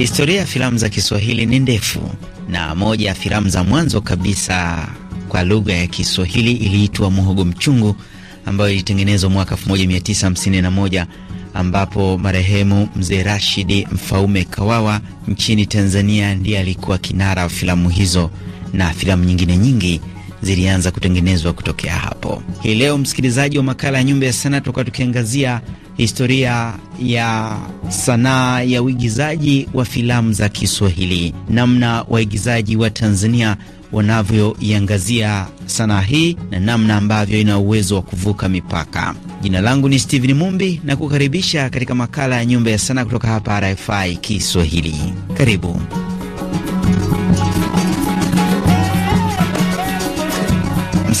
Historia ya filamu za Kiswahili ni ndefu, na moja ya filamu za mwanzo kabisa kwa lugha ya Kiswahili iliitwa Muhogo Mchungu, ambayo ilitengenezwa mwaka 1951 ambapo marehemu mzee Rashidi Mfaume Kawawa nchini Tanzania ndiye alikuwa kinara wa filamu hizo na filamu nyingine nyingi zilianza kutengenezwa kutokea hapo. Hii leo, msikilizaji wa makala ya Nyumba ya Sanaa, tutakuwa tukiangazia historia ya sanaa ya uigizaji wa filamu za Kiswahili, namna waigizaji wa Tanzania wanavyoiangazia sanaa hii na namna ambavyo ina uwezo wa kuvuka mipaka. Jina langu ni Steven Mumbi na kukaribisha katika makala ya Nyumba ya Sanaa kutoka hapa RFI Kiswahili. Karibu.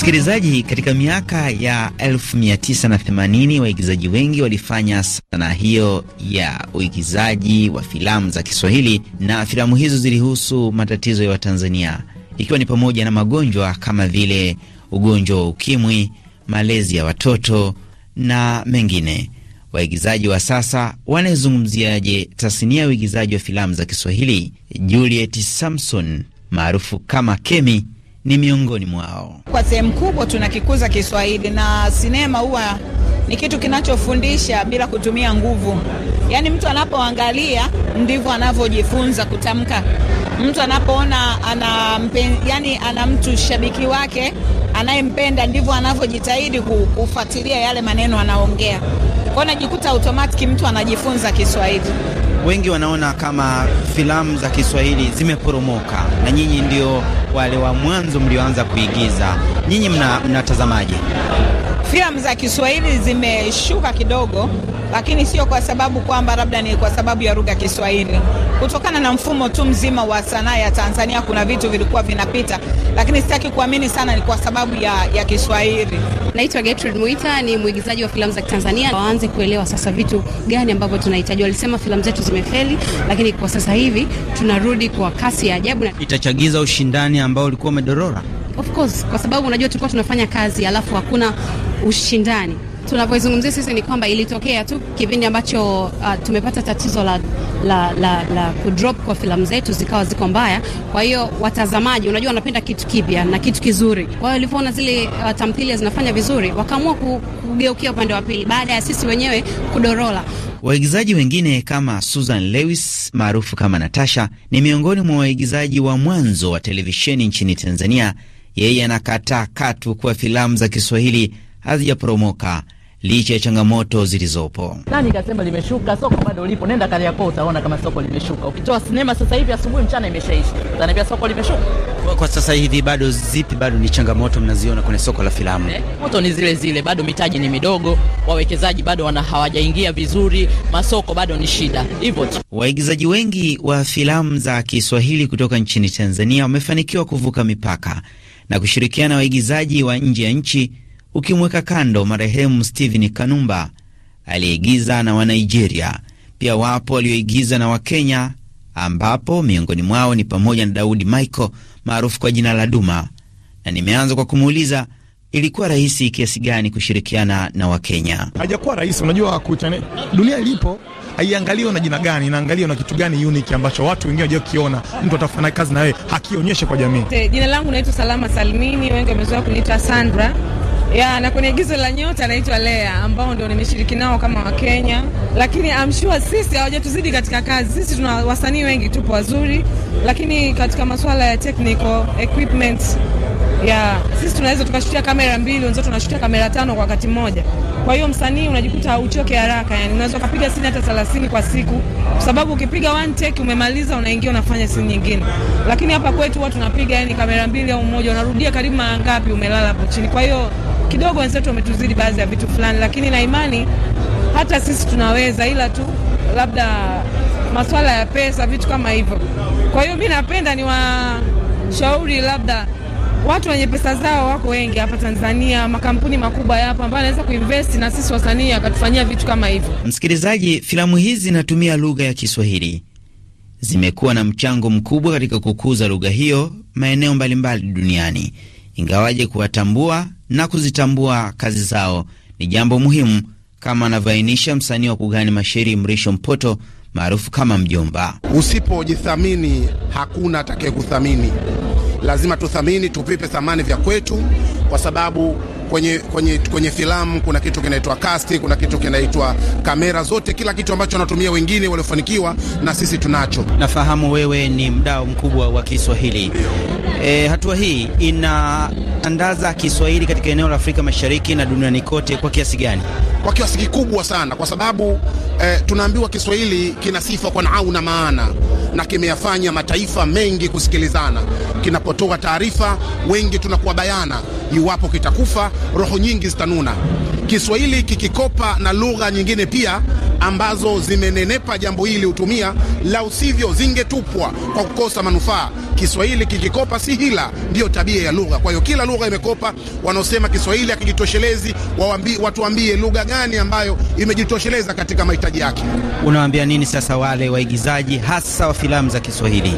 Msikilizaji, katika miaka ya 1980 waigizaji wengi walifanya sanaa hiyo ya uigizaji wa filamu za Kiswahili, na filamu hizo zilihusu matatizo ya Watanzania, ikiwa ni pamoja na magonjwa kama vile ugonjwa wa ukimwi, malezi ya watoto na mengine. Waigizaji wa sasa wanayezungumziaje tasnia ya uigizaji wa filamu za Kiswahili? Juliet Samson maarufu kama Kemi ni miongoni mwao. Kwa sehemu kubwa tunakikuza Kiswahili na sinema huwa ni kitu kinachofundisha bila kutumia nguvu, yaani mtu anapoangalia ndivyo anavyojifunza kutamka. Mtu anapoona ana, yani ana mtu shabiki wake anayempenda ndivyo anavyojitahidi kufuatilia yale maneno anaongea kwao, najikuta automatic mtu anajifunza Kiswahili wengi wanaona kama filamu za Kiswahili zimeporomoka, na nyinyi ndio wale wa mwanzo mlioanza kuigiza. Nyinyi mnatazamaje? mna filamu za Kiswahili zimeshuka kidogo lakini sio kwa sababu kwamba labda ni kwa sababu ya lugha Kiswahili, kutokana na mfumo tu mzima wa sanaa ya Tanzania. Kuna vitu vilikuwa vinapita, lakini sitaki kuamini sana ni kwa sababu ya, ya Kiswahili. Naitwa Gertrude Mwita, ni mwigizaji wa filamu za Tanzania. Waanze kuelewa sasa vitu gani ambavyo tunahitaji. Walisema filamu zetu zimefeli, lakini kwa sasa hivi tunarudi kwa kasi ya ajabu. na... Itachagiza ushindani ambao ulikuwa umedorora, of course, kwa sababu unajua tulikuwa tunafanya kazi alafu hakuna ushindani tunavyoizungumzia sisi ni kwamba ilitokea tu kipindi ambacho uh, tumepata tatizo la, la, la, la kudrop kwa filamu zetu zikawa ziko mbaya. Kwa hiyo watazamaji, unajua wanapenda kitu kipya na kitu kizuri. Kwa hiyo walivyoona zile uh, tamthilia zinafanya vizuri, wakaamua kugeukia upande wa pili baada ya sisi wenyewe kudorola. Waigizaji wengine kama Susan Lewis maarufu kama Natasha ni miongoni mwa waigizaji wa mwanzo wa televisheni nchini Tanzania. Yeye anakataa katu kuwa filamu za Kiswahili hazijapromoka licha ya changamoto zilizopo. Nani kasema limeshuka? Soko bado lipo, nenda Kariakoo utaona kama soko limeshuka. Ukitoa sinema sasa hivi asubuhi, mchana imeshaisha, utaniambia soko limeshuka. Kwa, kwa sasa hivi bado zipi, bado ni changamoto mnaziona kwenye soko la filamu? Eh, moto ni zile zile, bado mitaji ni midogo, wawekezaji bado wana hawajaingia vizuri, masoko bado ni shida, hivyo tu. Waigizaji wengi wa filamu za Kiswahili kutoka nchini Tanzania wamefanikiwa kuvuka mipaka na kushirikiana na waigizaji wa nje ya nchi ukimweka kando marehemu Stephen Kanumba aliyeigiza na Wanigeria. Pia wapo walioigiza na Wakenya, ambapo miongoni mwao ni pamoja na Daudi Michael maarufu kwa jina la Duma, na nimeanza kwa kumuuliza ilikuwa rahisi kiasi gani kushirikiana na Wakenya? Hajakuwa rahisi. Unajua, kuchane dunia ilipo haiangaliwe na jina gani, inaangaliwa na kitu gani unique ambacho watu wengine kiona, Mtu atafanya kazi na wewe hakionyeshe kwa jamii. Jina langu naitwa Salama Salmini, wengi wamezoea kuniita Sandra ya na kwenye igizo la nyota anaitwa Lea ambao ndio nimeshiriki nao kama Wakenya, lakini I'm sure sisi hawajatuzidi katika kazi. Sisi tuna wasanii wengi, tupo wazuri, lakini katika masuala ya technical equipment ya sisi tunaweza tukashutia kamera mbili, wenzetu tunashutia kamera tano kwa wakati mmoja. Kwa hiyo msanii unajikuta uchoke haraka, yani unaweza ukapiga sini hata 30 kwa siku, kwa sababu ukipiga one take umemaliza, unaingia unafanya sini nyingine. Lakini hapa kwetu huwa tunapiga yani kamera mbili au moja, unarudia karibu mara ngapi umelala hapo chini. Kwa hiyo kidogo wenzetu wametuzidi baadhi ya vitu fulani, lakini na imani hata sisi tunaweza, ila tu labda masuala ya pesa, vitu kama hivyo. Kwa hiyo mi napenda ni washauri labda watu wenye pesa zao wako wengi hapa Tanzania, makampuni makubwa yapo ambayo anaweza kuinvesti na sisi wasanii akatufanyia vitu kama hivyo. Msikilizaji, filamu hizi zinatumia lugha ya Kiswahili, zimekuwa na mchango mkubwa katika kukuza lugha hiyo maeneo mbalimbali duniani, ingawaje kuwatambua na kuzitambua kazi zao ni jambo muhimu, kama anavyoainisha msanii wa kugani mashairi Mrisho Mpoto maarufu kama Mjomba. Usipojithamini hakuna atakayekuthamini. Lazima tuthamini, tuvipe thamani vya kwetu, kwa sababu kwenye, kwenye, kwenye filamu kuna kitu kinaitwa cast, kuna kitu kinaitwa kamera zote, kila kitu ambacho wanatumia wengine waliofanikiwa na sisi tunacho. Nafahamu wewe ni mdau mkubwa wa Kiswahili. E, hatua hii inaandaza Kiswahili katika eneo la Afrika Mashariki na duniani kote kwa kiasi gani? kwa kiasi kikubwa sana, kwa sababu eh, tunaambiwa Kiswahili kina sifa kwa nau na maana, na kimeyafanya mataifa mengi kusikilizana. Kinapotoa taarifa, wengi tunakuwa bayana, iwapo kitakufa, roho nyingi zitanuna. Kiswahili kikikopa na lugha nyingine pia ambazo zimenenepa jambo hili hutumia, la usivyo zingetupwa kwa kukosa manufaa. Kiswahili kikikopa si hila, ndiyo tabia ya lugha. Kwa hiyo kila lugha imekopa. Wanaosema Kiswahili hakijitoshelezi watuambie lugha gani ambayo imejitosheleza katika mahitaji yake. Unawaambia nini sasa wale waigizaji hasa wa filamu za Kiswahili?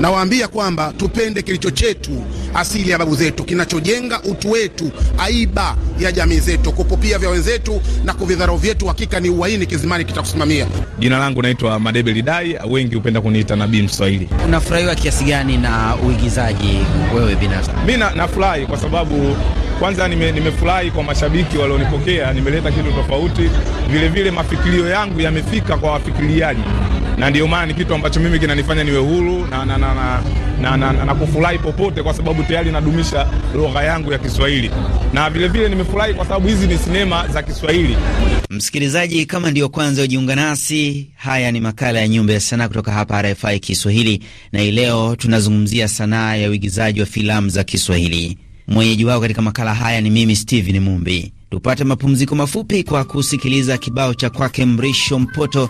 Nawaambia kwamba tupende kilicho chetu, asili ya babu zetu, kinachojenga utu wetu, aiba ya jamii zetu. Kupupia vya wenzetu na kuvidharau vyetu hakika ni uhaini, kizimani kitakusimamia. Jina langu naitwa Madebe Lidai, wengi hupenda kuniita Nabii Mswahili. Unafurahiwa kiasi gani na uigizaji wewe binafsi? Mi nafurahi kwa sababu kwanza nimefurahi nime kwa mashabiki walionipokea, nimeleta kitu tofauti, vilevile mafikirio yangu yamefika kwa wafikiriaji na ndio maana ni kitu ambacho mimi kinanifanya niwe huru na, na, na, na, na, na, na, na kufurahi popote, kwa sababu tayari nadumisha lugha yangu ya Kiswahili na vilevile nimefurahi kwa sababu hizi ni sinema za Kiswahili. Msikilizaji, kama ndiyo kwanza ujiunga nasi, haya ni makala ya Nyumba ya Sanaa kutoka hapa RFI Kiswahili, na hii leo tunazungumzia sanaa ya uigizaji wa filamu za Kiswahili. Mwenyeji wao katika makala haya ni mimi Steven Mumbi. Tupate mapumziko mafupi kwa kusikiliza kibao cha kwake Mrisho Mpoto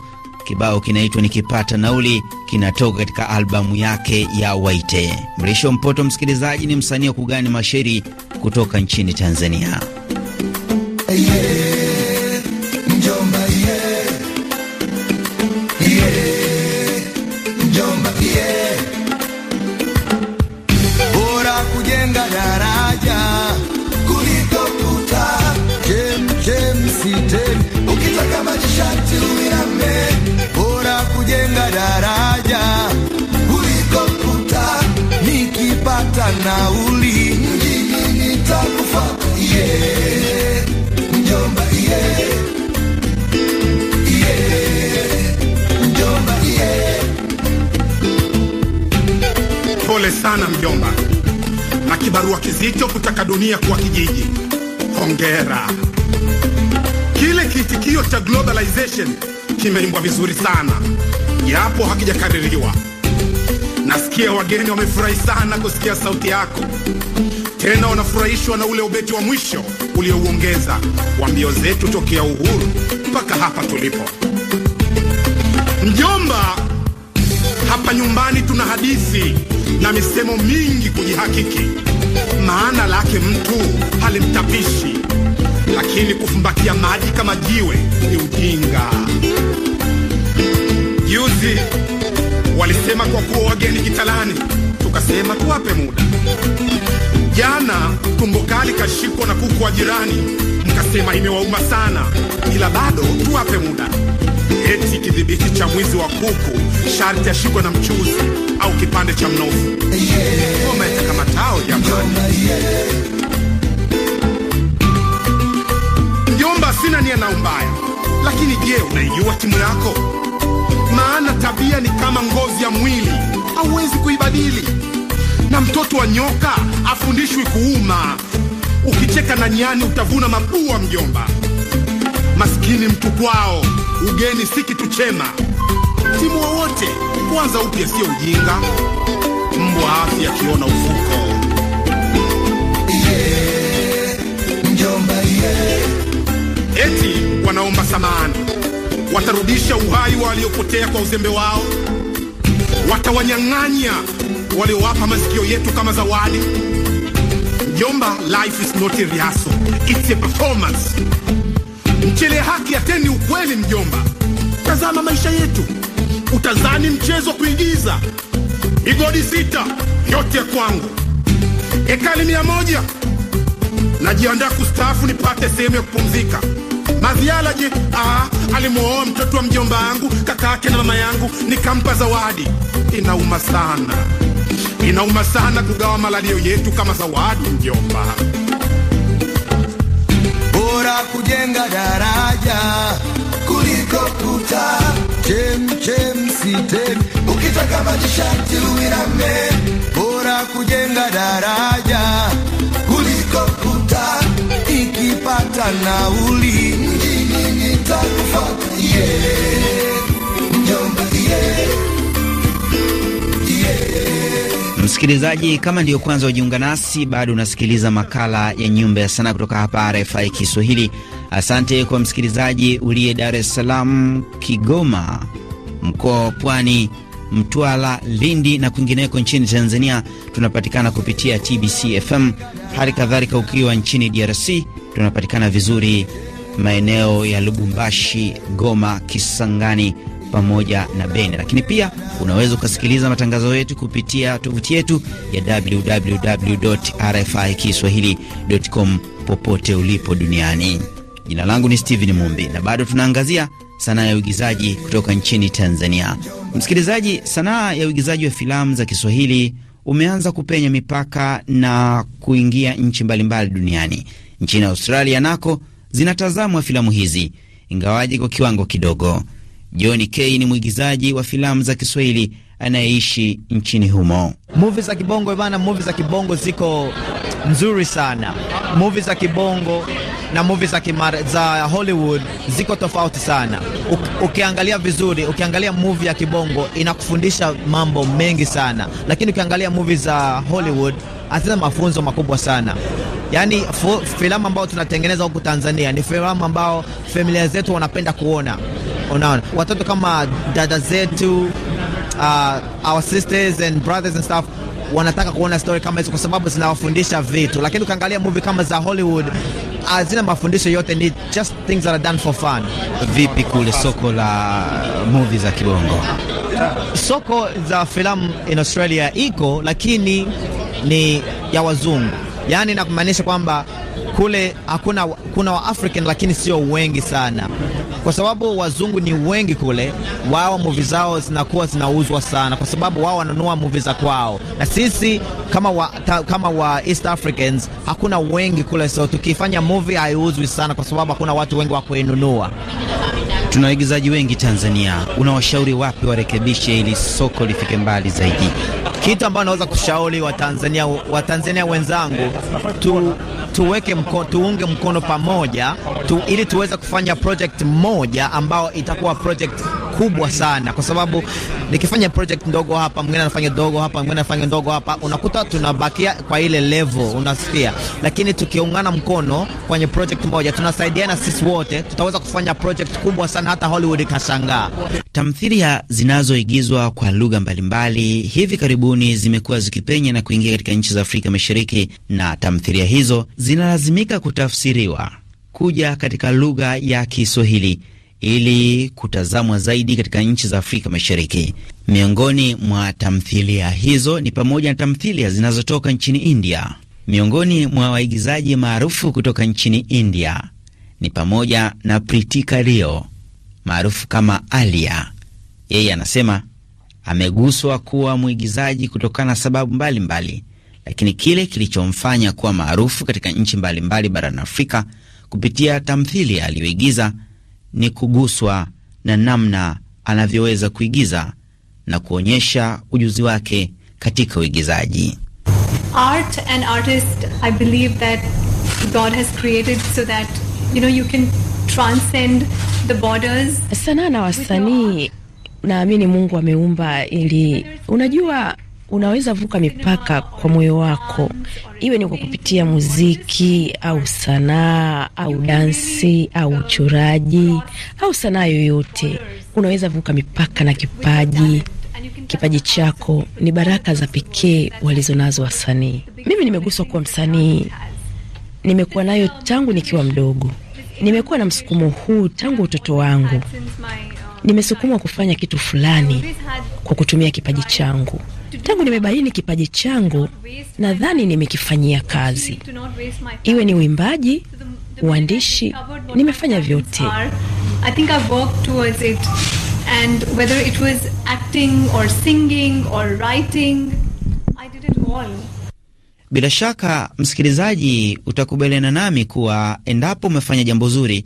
Kibao kinaitwa Nikipata Nauli, kinatoka katika albamu yake ya Waite. Mrisho Mpoto, msikilizaji, ni msanii wa kugani mashairi kutoka nchini Tanzania. yeah. sana mjomba, na kibarua kizito kutaka dunia kuwa kijiji. Hongera. Kile kiitikio cha globalization kimeimbwa vizuri sana, japo hakijakaririwa. Nasikia wageni wamefurahi sana kusikia sauti yako, tena wanafurahishwa na ule ubeti wa mwisho uliouongeza wa mbio zetu tokea uhuru mpaka hapa tulipo, mjomba. Hapa nyumbani tuna hadithi na misemo mingi kujihakiki, maana lake mtu halimtapishi, lakini kufumbakia maji kama jiwe ni ujinga. Juzi walisema kwa kuwa wageni kitalani, tukasema tuwape muda. Jana tumbo kali kashikwa na kuku wa jirani, mkasema imewauma sana, ila bado tuwape muda eti kidhibiti cha mwizi wa kuku sharti ashikwe na mchuzi au kipande cha mnofu. Kama tao jamani, mjomba, sina nia na umbaya, lakini je, unaijua timu yako? Maana tabia ni kama ngozi ya mwili, hauwezi kuibadili. Na mtoto wa nyoka afundishwi kuuma. Ukicheka na nyani utavuna mabua mjomba. Maskini mtu kwao Ugeni si kitu chema, timu wowote kwanza upya sio ujinga. Mbwa afya akiona ufuko eti wanaomba samani, watarudisha uhai waliopotea kwa uzembe wao, watawanyang'anya waliowapa masikio yetu kama zawadi. Mjomba, life is not a rehearsal, it's a performance mchele haki ateni ukweli mjomba. Tazama maisha yetu, utazani mchezo kuigiza. Migodi sita yote kwangu, ekali mia moja najiandaa kustaafu nipate sehemu ya kupumzika. Madhiala je, ah, alimwoa mtoto wa mjomba yangu kakake na mama yangu, nikampa zawadi. Inauma sana, inauma sana kugawa malalio yetu kama zawadi mjomba bora kujenga daraja kuliko kuta. Chem chem sitem, ukitaka maji sharti uiname. Bora kujenga daraja kuliko kuta. ikipata nauli mjini nitakufuata, yeah. Msikilizaji, kama ndiyo kwanza wajiunga nasi, bado unasikiliza makala ya Nyumba ya Sanaa kutoka hapa RFI Kiswahili. Asante kwa msikilizaji uliye Dar es Salaam, Kigoma, mkoa wa Pwani, Mtwara, Lindi na kwingineko nchini Tanzania. Tunapatikana kupitia TBC FM. Hali kadhalika ukiwa nchini DRC tunapatikana vizuri maeneo ya Lubumbashi, Goma, Kisangani pamoja na Beni, lakini pia unaweza ukasikiliza matangazo yetu kupitia tovuti yetu ya www.rfikiswahili.com popote ulipo duniani. Jina langu ni Steven Mumbi na bado tunaangazia sanaa ya uigizaji kutoka nchini Tanzania. Msikilizaji, sanaa ya uigizaji wa filamu za Kiswahili umeanza kupenya mipaka na kuingia nchi mbalimbali duniani. Nchini Australia nako zinatazamwa filamu hizi, ingawaje kwa kiwango kidogo. John K ni mwigizaji wa filamu za Kiswahili anayeishi nchini humo. Movie za kibongo bana, movie za kibongo ziko nzuri sana. Movie za kibongo na movie za kimara, za Hollywood ziko tofauti sana. U, ukiangalia vizuri, ukiangalia movie ya kibongo inakufundisha mambo mengi sana, lakini ukiangalia movie za Hollywood hazina mafunzo makubwa sana. Yaani filamu ambayo tunatengeneza huku Tanzania ni filamu ambayo familia zetu wanapenda kuona Unaona, watoto kama dada zetu, uh, our sisters and brothers and stuff wanataka kuona story kama hizo kwa sababu zinawafundisha vitu, lakini ukiangalia movie kama za Hollywood hazina mafundisho yote, ni just things that are done for fun. Vipi kule soko la movie za kibongo? Soko za filamu in Australia iko, lakini ni ya wazungu, yaani nakumaanisha kwamba kule hakuna kuna wa African lakini sio wengi sana kwa sababu wazungu ni wengi kule, wao muvi zao zinakuwa zinauzwa sana, kwa sababu wao wananunua muvi za kwao, na sisi kama wa, ta, kama wa East Africans hakuna wengi kule, so tukifanya muvi haiuzwi sana, kwa sababu hakuna watu wengi wa kuinunua. Tuna waigizaji wengi Tanzania, unawashauri wapi warekebishe ili soko lifike mbali zaidi? Kitu ambacho naweza kushauri Watanzania Watanzania wenzangu tu tuweke mko, tuunge mkono pamoja tu, ili tuweze kufanya project moja ambayo itakuwa project kubwa sana, kwa sababu nikifanya project ndogo hapa, mwingine anafanya ndogo hapa, mwingine anafanya ndogo hapa, unakuta tunabakia kwa ile level, unasikia. Lakini tukiungana mkono kwenye project moja, tunasaidiana sisi wote, tutaweza kufanya project kubwa sana, hata Hollywood ikashangaa. Tamthilia zinazoigizwa kwa lugha mbalimbali hivi karibuni zimekuwa zikipenya na kuingia katika nchi za Afrika Mashariki, na tamthilia hizo zinalazimika kutafsiriwa kuja katika lugha ya Kiswahili ili kutazamwa zaidi katika nchi za Afrika Mashariki. Miongoni mwa tamthilia hizo ni pamoja na tamthilia zinazotoka nchini India. Miongoni mwa waigizaji maarufu kutoka nchini India ni pamoja na Pritika Rio maarufu kama Alia. Yeye anasema ameguswa kuwa mwigizaji kutokana na sababu mbalimbali mbali, lakini kile kilichomfanya kuwa maarufu katika nchi mbalimbali barani Afrika kupitia tamthilia aliyoigiza ni kuguswa na namna anavyoweza kuigiza na kuonyesha ujuzi wake katika uigizaji. Art and artist, I believe that God has created so that, you know, you can transcend the borders. Sanaa na wasanii, naamini Mungu ameumba ili unajua unaweza vuka mipaka kwa moyo wako, iwe ni kwa kupitia muziki au sanaa au dansi au uchoraji au sanaa yoyote. Unaweza vuka mipaka na kipaji. Kipaji chako ni baraka za pekee walizonazo wasanii. Mimi nimeguswa kuwa msanii, nimekuwa nayo tangu nikiwa mdogo. Nimekuwa na msukumo huu tangu utoto wangu. Nimesukumwa kufanya kitu fulani kwa kutumia kipaji changu. Tangu nimebaini kipaji changu, nadhani nimekifanyia kazi, iwe ni uimbaji, uandishi, nimefanya vyote. Bila shaka msikilizaji, utakubaliana nami kuwa endapo umefanya jambo zuri,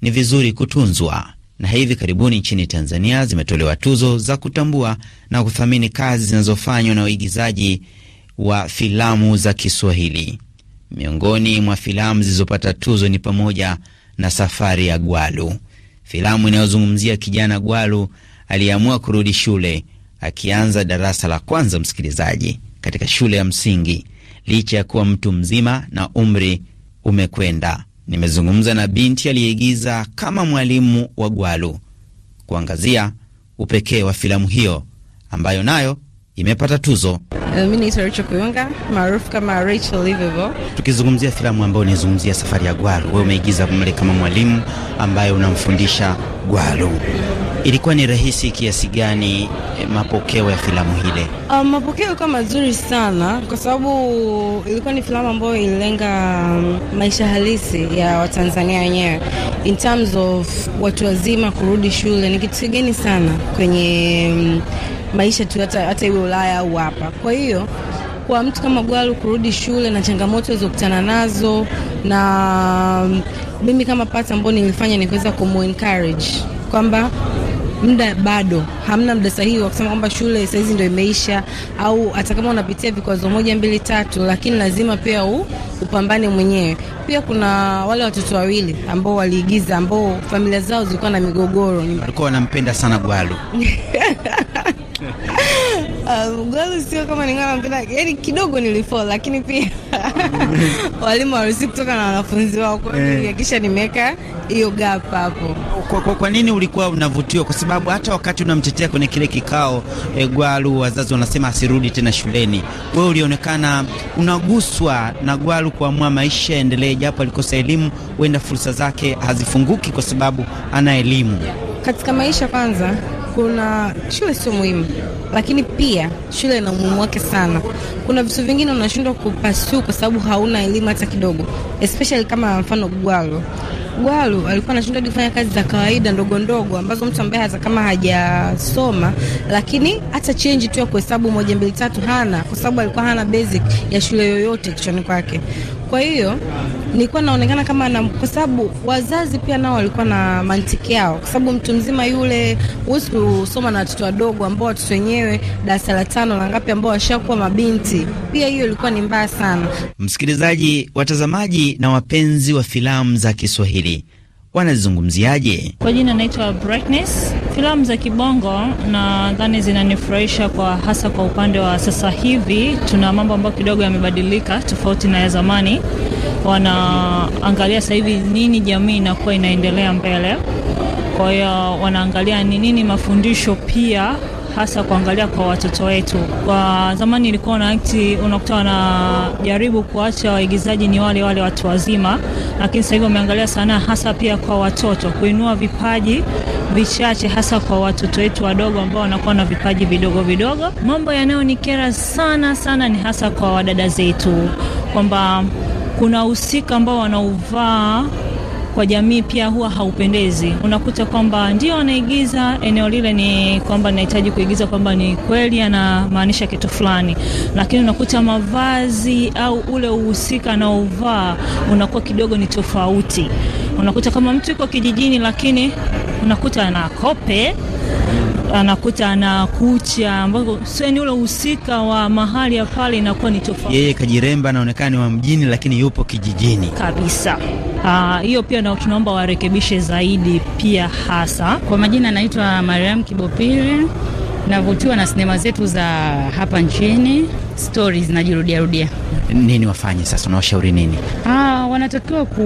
ni vizuri kutunzwa na hivi karibuni nchini Tanzania zimetolewa tuzo za kutambua na kuthamini kazi zinazofanywa na uigizaji wa filamu za Kiswahili. Miongoni mwa filamu zilizopata tuzo ni pamoja na Safari ya Gwalu, filamu inayozungumzia kijana Gwalu aliyeamua kurudi shule akianza darasa la kwanza, msikilizaji, katika shule ya msingi licha ya kuwa mtu mzima na umri umekwenda. Nimezungumza na binti aliyeigiza kama mwalimu wa Gwalu kuangazia upekee wa filamu hiyo ambayo nayo imepata tuzo. Eh, mimi naitwa Rachel Kuyunga maarufu kama Rachel Tukizungumzia filamu ambayo unaizungumzia safari ya Gwalu, wewe umeigiza mle kama mwalimu ambaye unamfundisha Gwalu, Ilikuwa ni rahisi kiasi gani eh, mapokeo ya filamu hile? Um, mapokeo ilikuwa mazuri sana, kwa sababu ilikuwa ni filamu ambayo ililenga mm, maisha halisi ya Watanzania wenyewe in terms of watu wazima kurudi shule. Ni kitu kigeni sana kwenye mm, maisha tu, hata hata iwe Ulaya au hapa. Kwa hiyo kwa mtu kama Gwalu kurudi shule na changamoto zilizokutana nazo, na mm, mimi kama pata ambao nilifanya ni kuweza kumu encourage kwamba muda bado hamna muda sahihi wa kusema kwamba shule saa hizi ndio imeisha, au hata kama unapitia vikwazo moja mbili tatu, lakini lazima pia u, upambane mwenyewe. Pia kuna wale watoto wawili ambao waliigiza, ambao familia zao zilikuwa na migogoro, walikuwa wanampenda sana Gwalu Uh, ugali sio kama ningana mpenda, yani kidogo nilifall, lakini pia walimu warusi kutoka na wanafunzi wao, kwa hiyo eh. kisha nimeweka hiyo gap hapo. Kwa, kwa, kwa nini ulikuwa unavutiwa? Kwa sababu hata wakati unamtetea kwenye kile kikao e, Gwalu wazazi wanasema asirudi tena shuleni, wewe ulionekana unaguswa na Gwalu kuamua maisha endelee, japo alikosa elimu, huenda fursa zake hazifunguki kwa sababu ana elimu katika maisha kwanza kuna shule sio muhimu, lakini pia shule ina umuhimu wake sana. Kuna vitu vingine unashindwa kupasu kwa sababu hauna elimu hata kidogo, especially kama mfano Gwalo. gwalo alikuwa anashindwa kufanya kazi za kawaida ndogo ndogo ambazo mtu ambaye hata kama hajasoma lakini hata change tu ya kuhesabu moja mbili tatu hana, kwa sababu alikuwa hana basic ya shule yoyote kichwani kwake. Kwa hiyo nilikuwa naonekana kama na, kwa sababu wazazi pia nao walikuwa na mantiki yao, kwa sababu mtu mzima yule huwezi kusoma na watoto wadogo ambao watoto wenyewe darasa la tano na ngapi ambao washakuwa mabinti. Pia hiyo ilikuwa ni mbaya sana. Msikilizaji, watazamaji na wapenzi wa filamu za Kiswahili wanazungumziaje? Kwa jina naitwa Brightness. Filamu za kibongo nadhani zinanifurahisha kwa hasa kwa upande wa sasa hivi, tuna mambo ambayo kidogo yamebadilika tofauti na ya zamani. Wanaangalia sasa hivi nini jamii inakuwa inaendelea mbele, kwa hiyo wanaangalia ni nini mafundisho pia hasa kuangalia kwa watoto wetu. Kwa zamani ilikuwa na akti, unakuta wanajaribu kuacha waigizaji ni wale wale watu wazima, lakini sasa hivi wameangalia sanaa hasa pia kwa watoto, kuinua vipaji vichache hasa kwa watoto wetu wadogo ambao wanakuwa na vipaji vidogo vidogo. Mambo yanayonikera sana sana ni hasa kwa wadada zetu kwamba kuna uhusika ambao wanauvaa kwa jamii pia huwa haupendezi. Unakuta kwamba ndio anaigiza eneo lile, ni kwamba nahitaji kuigiza kwamba ni kweli anamaanisha kitu fulani, lakini unakuta mavazi au ule uhusika anaovaa unakuwa kidogo ni tofauti. Unakuta kama mtu yuko kijijini, lakini unakuta anakope anakuta ana kucha ambako yani ule uhusika wa mahali ya pale inakuwa ni tofauti. Yeye kajiremba anaonekana ni wa mjini, lakini yupo kijijini kabisa. Ah, hiyo pia na tunaomba warekebishe zaidi pia hasa. Kwa majina anaitwa Mariam Kibopile. Navutiwa na sinema zetu za hapa nchini, stori zinajirudiarudia. Nini wafanye sasa, unawashauri nini? Ah, wanatakiwa ku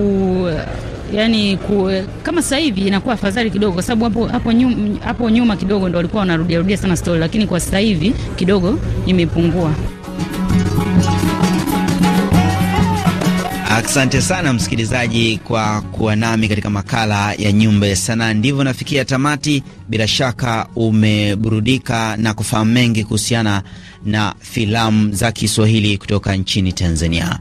yani kuwe, kama sasa hivi inakuwa afadhali kidogo, kwa sababu hapo hapo nyuma, hapo nyuma kidogo ndo walikuwa wanarudia rudia sana stori, lakini kwa sasa hivi kidogo imepungua. Asante sana msikilizaji kwa kuwa nami katika makala ya Nyumba ya Sanaa. Ndivyo nafikia tamati. Bila shaka umeburudika na kufahamu mengi kuhusiana na filamu za Kiswahili kutoka nchini Tanzania,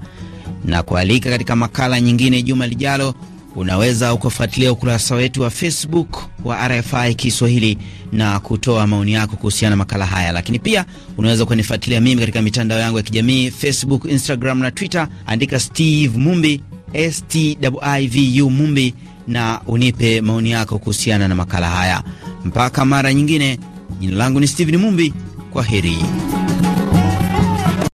na kualika katika makala nyingine juma lijalo. Unaweza ukafuatilia ukurasa wetu wa Facebook wa RFI Kiswahili na kutoa maoni yako kuhusiana na makala haya, lakini pia unaweza ukanifuatilia mimi katika mitandao yangu ya kijamii Facebook, Instagram na Twitter. Andika Steve Mumbi, Stivu Mumbi, na unipe maoni yako kuhusiana na makala haya. Mpaka mara nyingine, jina langu ni Steven Mumbi. Kwa heri.